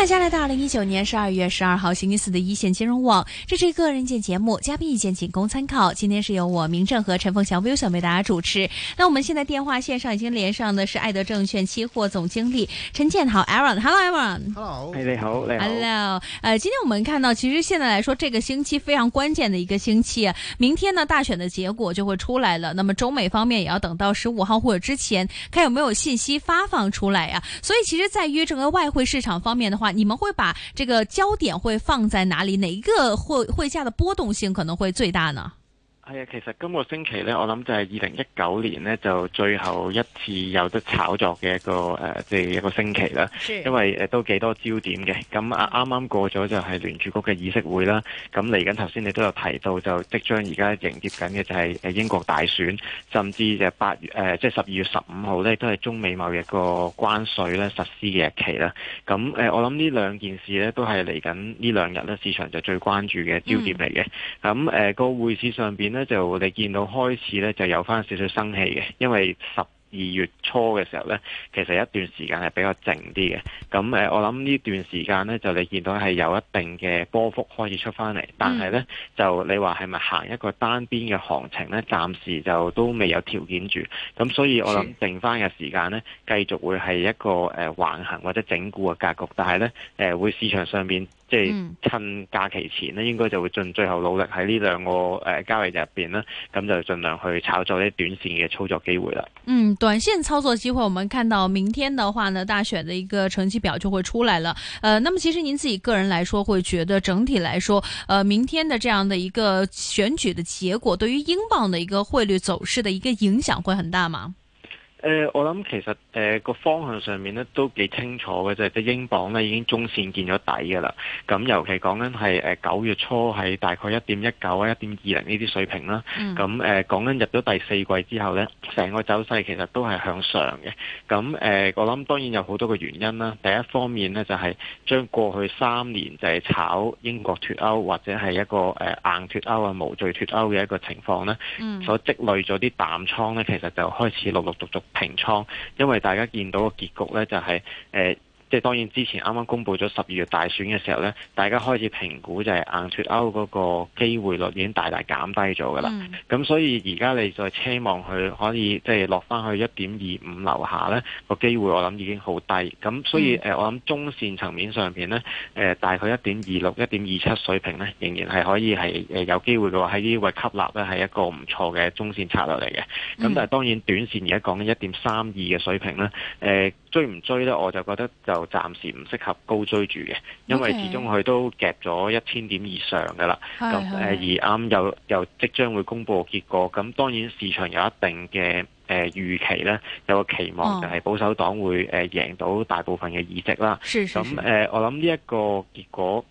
大家來到二零一九年十二月十二號星期四的一線金融網，這是一個個人意見節目，嘉賓意見僅供參考。今天是由我明正和陳鳳祥、Wilson 為大家主持。那我們現在電話線上已經連上的是愛德證券期貨總經理陳健豪，Aaron，Hello Aaron，Hello，哎你好，你好。Hello，Aaron、Hello. Hello. 呃，今天我們看到，其實現在來說，這個星期非常關鍵的一個星期，啊，明天呢大選的結果就會出來了。那麼中美方面也要等到十五號或者之前，看有沒有信息發放出來呀，啊。所以其實在於整個外匯市場方面的話。你們會把這個焦點會放在哪裏？哪一個會會下的波動性可能會最大呢？係啊，其實今個星期咧，我諗就係二零一九年咧，就最後一次有得炒作嘅一個即、呃、一個星期啦。的因為都幾多焦點嘅。咁啊啱啱過咗就係聯儲局嘅議息會啦。咁嚟緊頭先你都有提到，就即將而家迎接緊嘅就係英國大選，甚至八、呃、就八、誒、月即係十二月十五號咧，都係中美貿易個關稅咧實施嘅日期啦。咁、呃、我諗呢兩件事咧，都係嚟緊呢兩日咧，市場就最關注嘅焦點嚟嘅。咁誒、嗯嗯那個匯市上面呢咧？就你見到開始咧，就有翻少少生氣嘅，因為十二月初嘅時候咧，其實一段時間係比較靜啲嘅。咁誒，我諗呢段時間咧，就你見到係有一定嘅波幅開始出翻嚟，但係咧、嗯、就你話係咪行一個單邊嘅行情咧？暫時就都未有條件住。咁所以我諗剩翻嘅時間咧，繼續會係一個誒橫行或者整固嘅格局，但係咧誒會市場上邊。即係趁假期前咧，應該就會盡最後努力喺呢兩個誒、呃、交易日入邊啦，咁就盡量去炒作啲短線嘅操作機會啦。嗯，短線操作機會，我們看到明天的話呢，大選的一個成績表就會出來了。呃，那麼其實您自己個人來說，會覺得整體來說，呃明天的這樣的一個選舉的結果，對於英鎊的一個匯率走勢的一個影響會很大嗎？誒、呃，我諗其實誒、呃那個方向上面咧都幾清楚嘅，就係、是、啲英鎊咧已經中線見咗底㗎啦。咁尤其講緊係誒九月初係大概一點一九啊、一點二零呢啲水平啦。咁誒講緊入到第四季之後咧，成個走勢其實都係向上嘅。咁誒、呃，我諗當然有好多個原因啦。第一方面咧就係、是、將過去三年就係炒英國脱歐或者係一個、呃、硬脱歐啊、無罪脱歐嘅一個情況咧，嗯、所積累咗啲淡倉咧，其實就開始陸陸續續，續。平倉，因為大家見到個結局咧，就是，就係誒。即係當然，之前啱啱公布咗十二月大選嘅時候咧，大家開始評估就係硬脱歐嗰個機會率已經大大減低咗噶啦。咁、嗯、所以而家你再奢望佢可以即係落翻去一點二五樓下咧，個機會我諗已經好低。咁所以誒，嗯、我諗中線層面上邊咧，誒、呃、大概一點二六、一點二七水平咧，仍然係可以係誒有機會嘅話喺呢位吸納咧，係一個唔錯嘅中線策略嚟嘅。咁但係當然短線而家講緊一點三二嘅水平咧，誒、呃。追唔追呢？我就覺得就暫時唔適合高追住嘅，Okay. 因為始終佢都夾咗一千點以上㗎啦。咁是而啱、嗯、又又即將會公布結果，咁當然市場有一定嘅預、呃、預期呢，有個期望就係保守黨會贏、呃、贏到大部分嘅議席啦。咁是、嗯呃、我諗呢一個結果。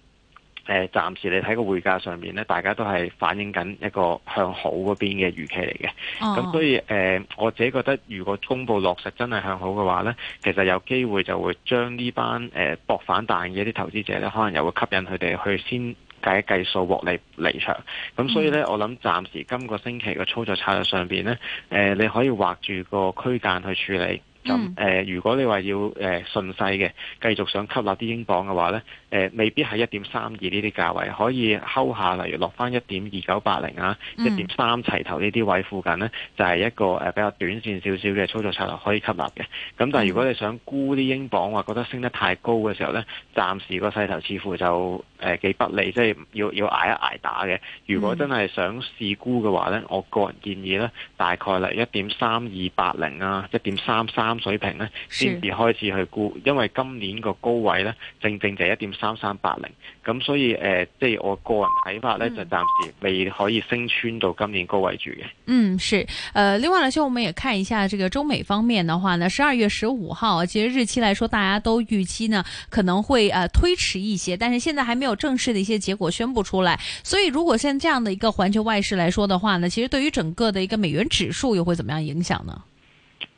誒，暫時你睇個匯價上面咧，大家都係反映緊一個向好嗰邊嘅預期嚟嘅。咁、哦、所以誒，我自己覺得，如果公布落實真係向好嘅話咧，其實有機會就會將呢班誒博反彈嘅啲投資者咧，可能又會吸引佢哋去先計一計數獲利離場。咁所以咧，嗯、我諗暫時今個星期嘅操作策略上面，咧、呃，誒你可以畫住個區間去處理。咁誒、嗯呃，如果你話要誒順勢嘅繼續想吸納啲英鎊嘅話咧。誒未必係一點三二呢啲價位，可以睺下，例如落翻一點二九八零啊，一點三齊頭呢啲位附近呢，就係、是、一個誒比較短線少少嘅操作策略可以吸納嘅。咁但係如果你想沽啲英鎊，話覺得升得太高嘅時候呢，暫時個勢頭似乎就誒幾不利，即、就、係、是、要要挨一挨打嘅。如果真係想試沽嘅話呢，我個人建議呢，大概啦一點三二八零啊，一點三三水平呢，先至開始去沽，是因為今年個高位呢，正正就係一點三三八零，咁所以誒，即係我個人睇法呢，就暫時未可以升穿到今年高位住嘅。嗯，是，呃另外呢，就我們也看一下，這個中美方面的話呢，十二月十五號，其實日期來說，大家都預期呢可能會誒、呃、推遲一些，但是現在還沒有正式的一些結果宣布出來，所以如果像這樣的一個環球外事來說的話呢，其實對於整個的一個美元指數又會怎麼樣影響呢？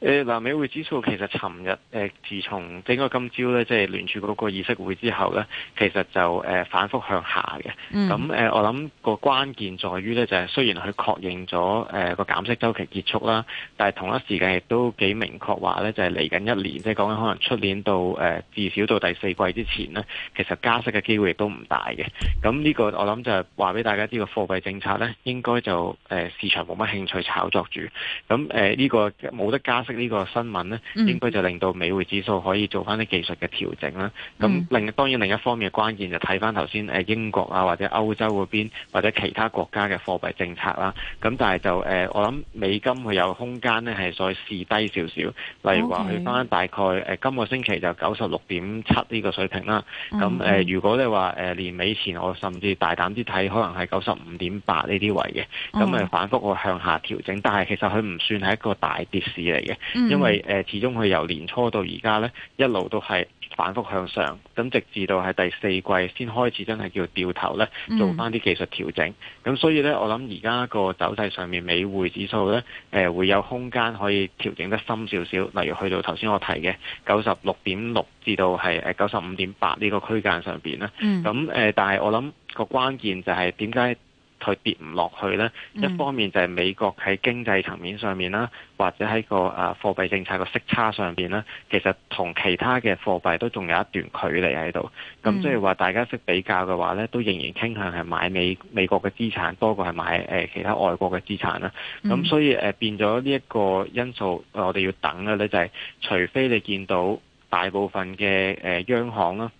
誒，嗱、呃，美匯指數其實尋日誒、呃，自從整個今朝咧，即係聯儲局個議息會之後咧，其實就誒、呃、反覆向下嘅。咁誒、嗯呃，我諗個關鍵在於咧，就係、是、雖然佢確認咗誒、呃、個減息週期結束啦，但係同一時間亦都幾明確話咧，就係嚟緊一年，即係講緊可能出年到誒、呃、至少到第四季之前咧，其實加息嘅機會亦都唔大嘅。咁呢、這個我諗就係話俾大家知、這個貨幣政策咧，應該就誒、呃、市場冇乜興趣炒作住。咁誒呢個冇得加息。呢個新聞咧，應該就令到美匯指數可以做翻啲技術嘅調整啦。咁另當然另一方面嘅關鍵就睇翻頭先，誒，英國啊，或者歐洲嗰邊或者其他國家嘅貨幣政策啦。咁但係就誒，我諗美金佢有空間咧，係再試低少少，例如話去翻大概誒，今個星期就九十六點七呢個水平啦。咁誒，如果你話誒，年尾前我甚至大膽啲睇，可能係九十五點八呢啲位嘅，咁咪反覆會向下調整。但係其實佢唔算係一個大跌市嚟嘅。因為誒、呃，始終佢由年初到而家咧，一路都係反覆向上，咁直至到係第四季先開始真係叫掉頭咧，做翻啲技術調整。咁所以咧，我諗而家個走勢上面美匯指數咧，誒、呃、會有空間可以調整得深少少，例如去到頭先我提嘅九十六點六至到係誒九十五點八呢個區間上邊啦，咁誒，但係我諗個關鍵就係點解？佢跌唔落去咧，一方面就係美國喺經濟層面上面啦，或者喺個啊貨幣政策個息差上邊啦，其實同其他嘅貨幣都仲有一段距離喺度。咁即係話大家識比較嘅話咧，都仍然傾向係買美美國嘅資產多過係買誒其他外國嘅資產啦。咁所以誒變咗呢一個因素，我哋要等嘅咧，就係除非你見到大部分嘅誒央行啦。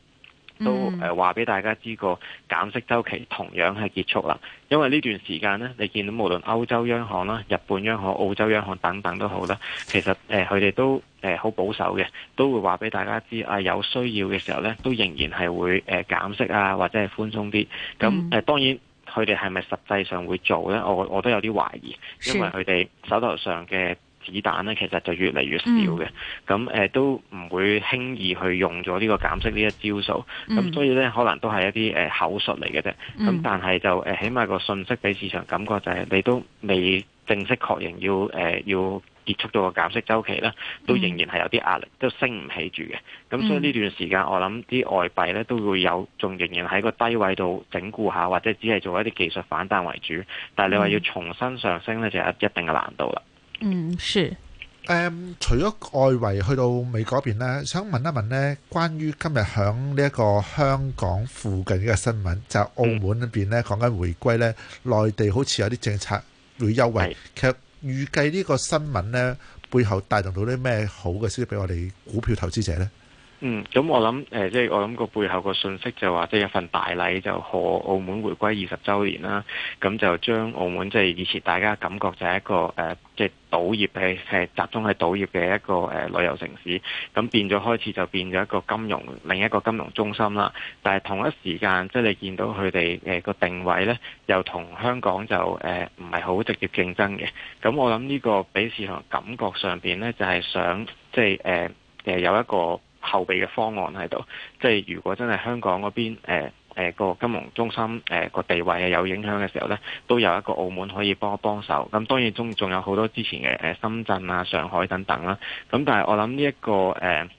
都誒話俾大家知個減息周期同樣係結束啦，因為呢段時間呢，你見到無論歐洲央行啦、日本央行、澳洲央行等等都好啦，其實誒佢哋都誒好、呃、保守嘅，都會話俾大家知啊，有需要嘅時候呢，都仍然係會誒、呃、減息啊，或者係寬鬆啲。咁誒、嗯呃、當然佢哋係咪實際上會做呢？我我都有啲懷疑，因為佢哋手頭上嘅。子彈咧，其實就越嚟越少嘅，咁誒、嗯呃、都唔會輕易去用咗呢個減息呢一招數，咁、嗯、所以咧可能都係一啲誒、呃、口述嚟嘅啫，咁、嗯、但係就、呃、起碼個信息俾市場感覺就係你都未正式確認要誒、呃、要結束到個減息周期呢，都仍然係有啲壓力，都升唔起住嘅。咁、嗯、所以呢段時間我諗啲外幣咧都會有，仲仍然喺個低位度整固下，或者只係做一啲技術反彈為主。但係你話要重新上升咧，就有一定嘅難度啦。嗯，是。誒、um,，除咗外圍去到美國嗰邊咧，想問一問咧，關於今日響呢一個香港附近嘅新聞，就是、澳門嗰邊咧講緊回歸咧，內地好似有啲政策會優惠。是其實預計呢個新聞咧，背後帶動到啲咩好嘅消息俾我哋股票投資者咧？嗯，咁、嗯、我諗，誒，即係我諗個背後個信息就話，即係一份大禮就賀澳門回歸二十周年啦。咁就將澳門即係、就是、以前大家感覺就係一個誒即係賭業係係集中喺賭業嘅一個誒旅遊城市，咁變咗開始就變咗一個金融另一個金融中心啦。但係同一時間，即係你見到佢哋誒個定位咧，又同香港就誒唔係好直接競爭嘅。咁、呃、我諗呢個俾市場感覺上邊咧，就係、是、想即係誒誒有一個。後備嘅方案喺度，即係如果真係香港嗰邊誒個、呃呃、金融中心誒個、呃、地位有影響嘅時候呢，都有一個澳門可以幫一幫手。咁當然中仲有好多之前嘅深圳啊、上海等等啦、啊。咁但係我諗呢一個誒、呃、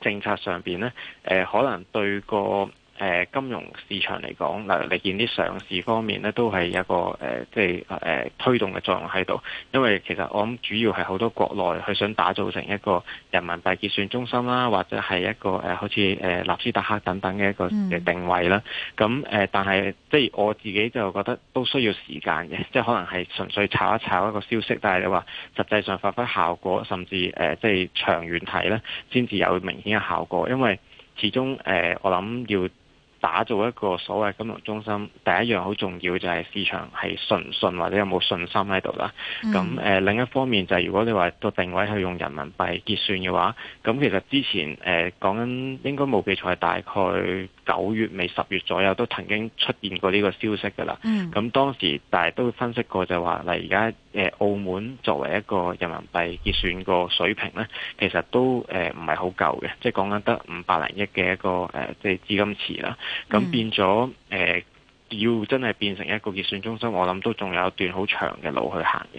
政策上面呢，呃、可能對個。誒金融市場嚟講，嗱你見啲上市方面咧，都係一個誒，即係誒推動嘅作用喺度。因為其實我諗主要係好多國內佢想打造成一個人民幣結算中心啦，或者係一個誒、呃，好似誒納斯達克等等嘅一個嘅定位啦。咁誒、嗯呃，但係即係我自己就覺得都需要時間嘅，即係可能係純粹炒一炒一個消息，但係你話實際上發揮效果，甚至誒、呃、即係長遠睇咧，先至有明顯嘅效果。因為始終誒、呃，我諗要。打造一個所謂金融中心，第一樣好重要就係市場係信唔信或者有冇信心喺度啦。咁、嗯呃、另一方面就係、是、如果你話個定位去用人民幣結算嘅話，咁其實之前誒講緊應該冇記錯係大概。九月尾十月左右都曾經出現過呢個消息㗎啦。咁、嗯、當時，大家都分析過就話，嗱而家誒澳門作為一個人民幣結算個水平咧，其實都誒唔係好夠嘅，即係講緊得五百零億嘅一個誒即係資金池啦。咁、嗯、變咗誒、呃，要真係變成一個結算中心，我諗都仲有一段好長嘅路去行嘅。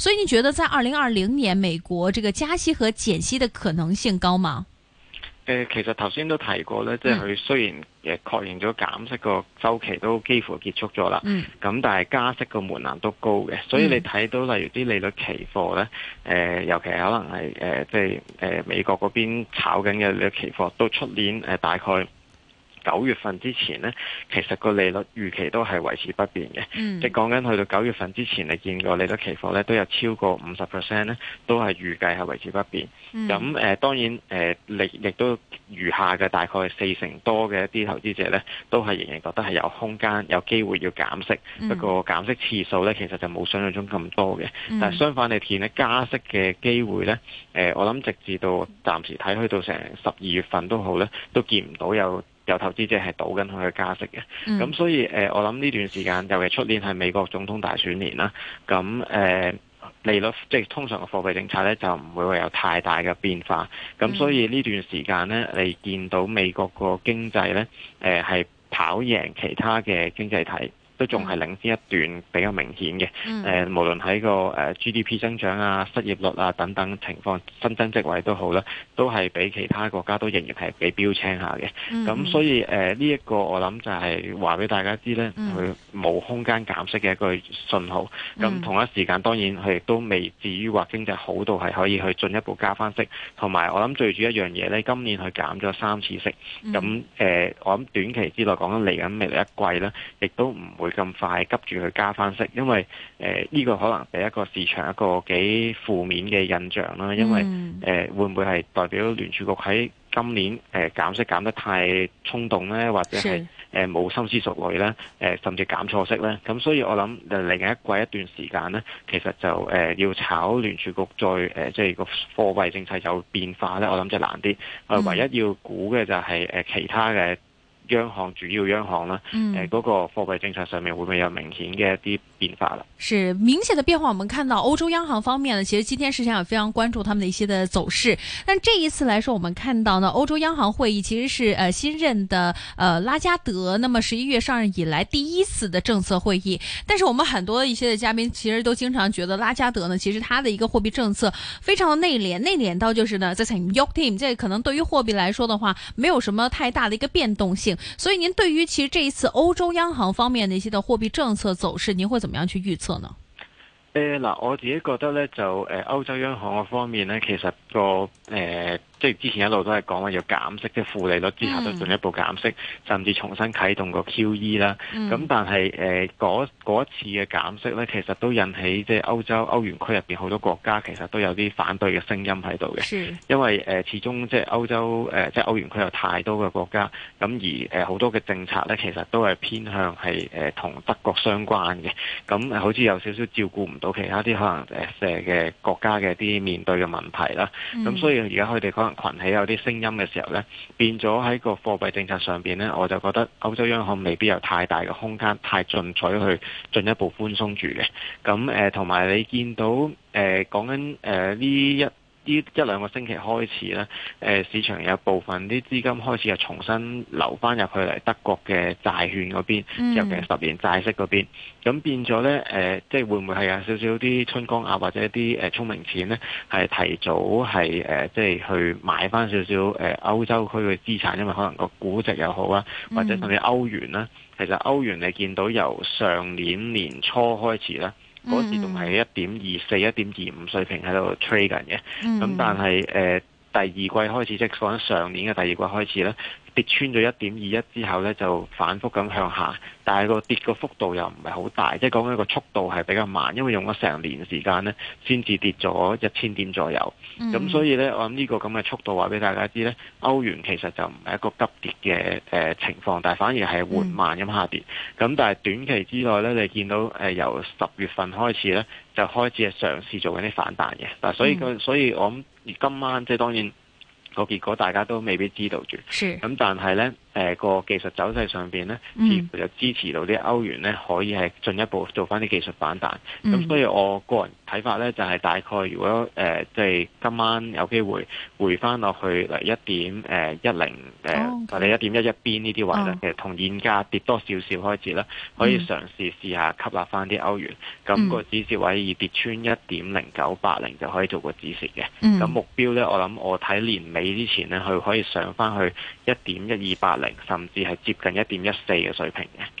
所以你覺得在二零二零年美國這個加息和減息的可能性高嗎？誒、呃，其實頭先都提過咧，嗯、即係佢雖然誒確認咗減息個週期都幾乎結束咗啦，咁、嗯、但係加息個門檻都高嘅，所以你睇到例如啲利率期貨咧，誒、嗯呃，尤其係可能係誒、呃，即係誒、呃、美國嗰邊炒緊嘅利率期貨，到出年誒、呃、大概。九月份之前呢，其實個利率預期都係維持不變嘅。嗯、即係講緊去到九月份之前，你見個利率期貨咧都有超過五十 percent 咧，都係預計係維持不變。咁誒、嗯呃、當然誒，亦、呃、亦都餘下嘅大概四成多嘅一啲投資者呢，都係仍然覺得係有空間、有機會要減息。不過減息次數呢，其實就冇想象中咁多嘅。但係相反你見呢加息嘅機會呢，呃、我諗直至到暫時睇去到成十二月份都好呢，都見唔到有。有投資者係賭緊佢嘅加息嘅，咁、嗯、所以誒、呃，我諗呢段時間，尤其出年係美國總統大選年啦，咁誒、呃、利率即係通常嘅貨幣政策咧，就唔會話有太大嘅變化，咁所以呢段時間咧，你見到美國個經濟咧，誒、呃、係跑贏其他嘅經濟體。都仲係領先一段比較明顯嘅，誒無論喺個誒 GDP 增長啊、失業率啊等等情況，新增職位都好啦，都係比其他國家都仍然係比標青下嘅。咁所以誒，呢一個我諗就係話俾大家知咧，佢冇空間減息嘅一個信號。咁同一時間當然佢亦都未至於話經濟好到係可以去進一步加翻息。同埋我諗最主要一樣嘢咧，今年佢減咗三次息，咁誒，我諗短期之內講緊嚟緊未來一季咧，亦都唔會。咁快急住去加翻息，因為誒呢個可能俾一個市場一個幾負面嘅印象啦。因為誒會唔會係代表聯儲局喺今年誒減息減得太衝動咧，或者係誒冇深思熟慮咧，誒甚至減錯息咧？咁所以我諗嚟緊一季一段時間咧，其實就誒要炒聯儲局再誒即係個貨幣政策有變化咧，我諗就難啲。我唯一要估嘅就係誒其他嘅。央行主要央行啦，誒嗰，嗯呃嗰個貨幣政策上面會唔會有明顯嘅一啲？發了是明顯的變化。我們看到歐洲央行方面呢，其實今天實際上也非常關注他們的一些的走勢。但這一次來說，我們看到呢，歐洲央行會議其實是呃新任的呃拉加德，那麼十一月上任以來第一次的政策會議。但是我們很多一些的嘉賓其實都經常覺得拉加德呢，其實他的一個貨幣政策非常的內斂，內斂到就是呢，在採用 yoktime 這可能對於貨幣來說的話，沒有什麼太大的一個變動性。所以您對於其實這一次歐洲央行方面的一些的貨幣政策走勢，您會怎麼？麼樣去預測呢？誒嗱、呃，我自己覺得呢，就誒、呃、歐洲央行嗰方面呢，其實個誒。呃即係之前一路都係講話要減息，即、就、係、是、負利率之下都進一步減息，嗯、甚至重新啟動個 QE 啦。咁但係誒嗰嗰一次嘅減息咧，其實都引起即係歐洲歐元區入邊好多國家其實都有啲反對嘅聲音喺度嘅，是因為誒、呃、始終、呃呃、即係歐洲誒即係歐元區有太多嘅國家，咁、呃、而誒好多嘅政策咧其實都係偏向係誒同德國相關嘅，咁、呃、好似有少少照顧唔到其他啲可能誒嘅、呃、國家嘅啲面對嘅問題啦。咁、嗯、所以而家佢哋可能。群起有啲聲音嘅時候咧，變咗喺個貨幣政策上邊咧，我就覺得歐洲央行未必有太大嘅空間，太進取去進一步寬鬆住嘅。咁誒，同埋你見到誒講緊誒呢一。呢一兩個星期開始咧，誒市場有部分啲資金開始又重新流翻入去嚟德國嘅債券嗰邊，嗯、尤其係十年債息嗰邊，咁變咗咧誒，即係會唔會係有少少啲春江鴨或者啲誒聰明錢咧，係提早係誒、呃、即係去買翻少少誒歐洲區嘅資產，因為可能個估值又好啊，或者甚至歐元啦，其實歐元你見到由上年年初開始咧。嗰時仲係一點二四、一點二五水平喺度 trade 緊嘅，咁、嗯嗯、但係誒、呃、第二季開始，即係講緊上年嘅第二季開始咧。跌穿咗一點二一之後咧，就反覆咁向下，但係個跌個幅度又唔係好大，即係講緊個速度係比較慢，因為用咗成年時間咧，先至跌咗一千點左右。咁、嗯、所以咧，我諗呢個咁嘅速度話俾大家知咧，歐元其實就唔係一個急跌嘅、呃、情況，但係反而係緩慢咁下跌。咁、嗯、但係短期之內咧，你見到誒、呃、由十月份開始咧，就開始係嘗試做緊啲反彈嘅。但係所以、嗯、所以我諗而今晚即係當然。個結果大家都未必知道住，咁是但係呢。誒個、呃、技術走勢上面咧，似乎就支持到啲歐元咧，可以係進一步做翻啲技術反彈。咁、嗯、所以我個人睇法咧，就係、是、大概如果誒即係今晚有機會回翻落去嚟一點誒一零或者一點一一邊呢啲位咧，oh. 其實同現價跌多少少開始啦，可以嘗試試下吸納翻啲歐元。咁、那個止蝕位以跌穿一點零九八零就可以做個止蝕嘅。咁、嗯、目標咧，我諗我睇年尾之前咧，佢可以上翻去一點一二八。甚至係接近一點一四嘅水平嘅。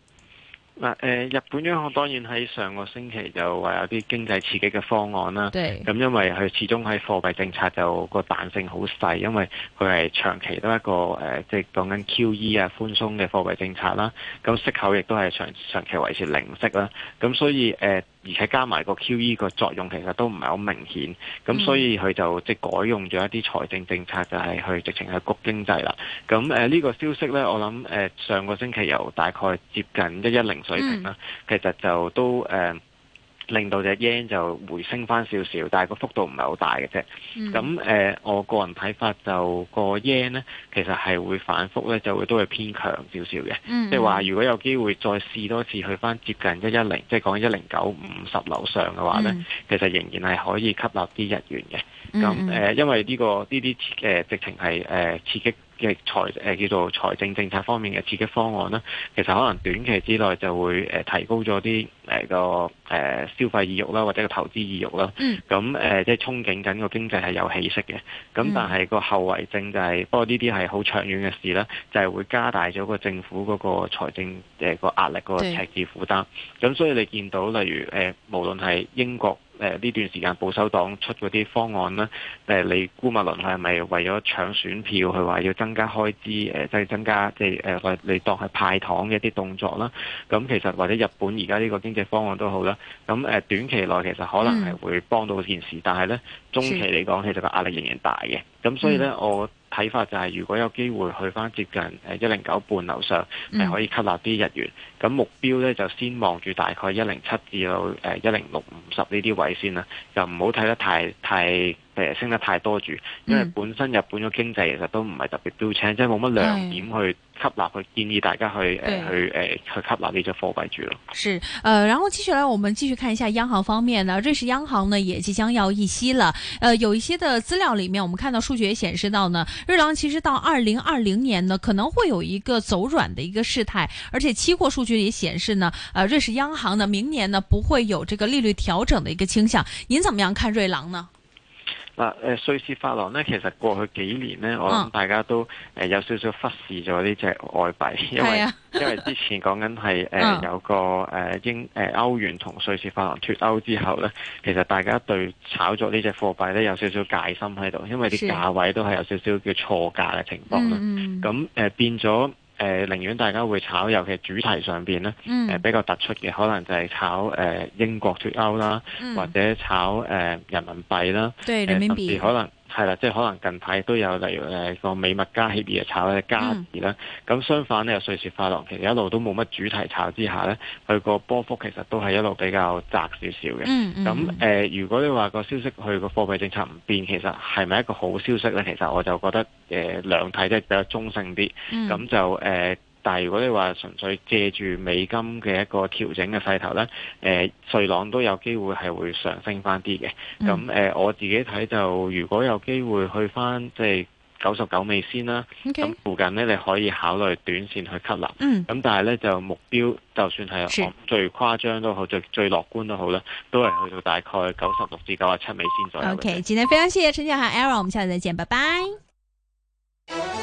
嗱，誒日本央行當然喺上個星期就話有啲經濟刺激嘅方案啦，咁對因為佢始終喺貨幣政策就個彈性好細，因為佢係長期都一個誒，即係講緊 QE 啊寬鬆嘅貨幣政策啦，咁息口亦都係長長期維持零息啦，咁所以誒。呃而且加埋個 QE 個作用其實都唔係好明顯，咁所以佢就即係改用咗一啲財政政策，就係、是、去直情去谷經濟啦。咁呢個消息呢，我諗上個星期由大概接近一一零水平啦，嗯、其實就都、呃令到隻 yen 就回升返少少，但係個幅度唔係好大嘅啫。咁誒、嗯呃，我個人睇法就個 yen 呢其實係會反覆呢，就會都係偏強少少嘅。即係話，如果有機會再試多次去返接近一一零，即係講一零九五十樓上嘅話呢，嗯、其實仍然係可以吸納啲日元嘅。咁誒、嗯呃，因為呢、呢個呢啲、呃、直情係誒刺激。即係財誒叫做財政政策方面嘅刺激方案啦，其實可能短期之內就會誒提高咗啲誒個誒消費意欲啦，或者個投資意欲啦。嗯。咁誒即係憧憬緊個經濟係有起色嘅。咁但係個後遺症就係、是，嗯、不過呢啲係好長遠嘅事啦，就係、是、會加大咗個政府嗰個財政誒個壓力個赤字負擔。咁是所以你見到例如誒，無論係英國。誒呢、呃、段時間保守黨出嗰啲方案啦、呃，你估物倫係咪為咗搶選票，佢話要增加開支，即、呃、係增加即係誒，你當係派糖嘅一啲動作啦？咁其實或者日本而家呢個經濟方案都好啦，咁短期內其實可能係會幫到件事，嗯、但係咧中期嚟講，其實個壓力仍然大嘅。咁所以咧，嗯、我睇法就係，如果有機會去翻接近誒一零九半樓上，係、嗯、可以吸納啲日元。咁目標咧就先望住大概一零七至到誒一零六五十呢啲位先啦，就唔好睇得太太。誒升得太多住，因為本身日本嘅經濟其實都唔係特別標青，嗯、即係冇乜亮點去吸納是去建議大家去誒去誒去吸納呢隻貨幣住咯。是，呃，然後接下來我們繼續看一下央行方面呢，瑞士央行呢也即將要議息了。呃，有一些的資料裡面，我們看到數據也顯示到呢，瑞郎其實到二零二零年呢可能會有一個走軟的一個事態，而且期貨數據也顯示呢，呃，瑞士央行呢明年呢不會有這個利率調整的一個傾向。您怎麼樣看瑞郎呢？嗱，瑞士法郎咧，其實過去幾年咧，哦、我諗大家都誒、呃、有少少忽視咗呢隻外幣，因為、啊、因為之前講緊係誒有個誒、呃、英誒歐、呃、元同瑞士法郎脱歐之後咧，其實大家對炒作呢隻貨幣咧有少少戒心喺度，因為啲價位都係有少少叫錯價嘅情況啦。咁誒、啊呃、變咗。誒、呃，寧願大家會炒，尤其主題上邊咧，誒、呃、比較突出嘅，可能就係炒誒、呃、英國脱歐啦，或者炒誒、呃、人民幣啦，對、呃、甚至可能。係啦，即係可能近排都有例如個美墨加協議嘅炒咧加持啦，咁、嗯、相反咧，有瑞士法郎，其實一路都冇乜主題炒之下咧，佢個波幅其實都係一路比較窄少少嘅。咁誒、嗯嗯嗯呃，如果你話個消息佢個貨幣政策唔變，其實係咪一個好消息咧？其實我就覺得誒兩、呃、睇即係比較中性啲，咁、嗯、就誒。呃但如果你話純粹借住美金嘅一個調整嘅勢頭呢，誒、呃，瑞郎都有機會係會上升翻啲嘅。咁誒、嗯嗯，我自己睇就如果有機會去翻即係九十九美仙啦，咁 Okay. 附近呢，你可以考慮短線去吸納、嗯。咁、嗯、但係呢，就目標，就算係最誇張都好，是最最樂觀都好啦，都係去到大概九十六至九十七美仙左右。OK，今天非常謝謝陳小姐和 Aaron，我們下次再見，拜拜。Bye.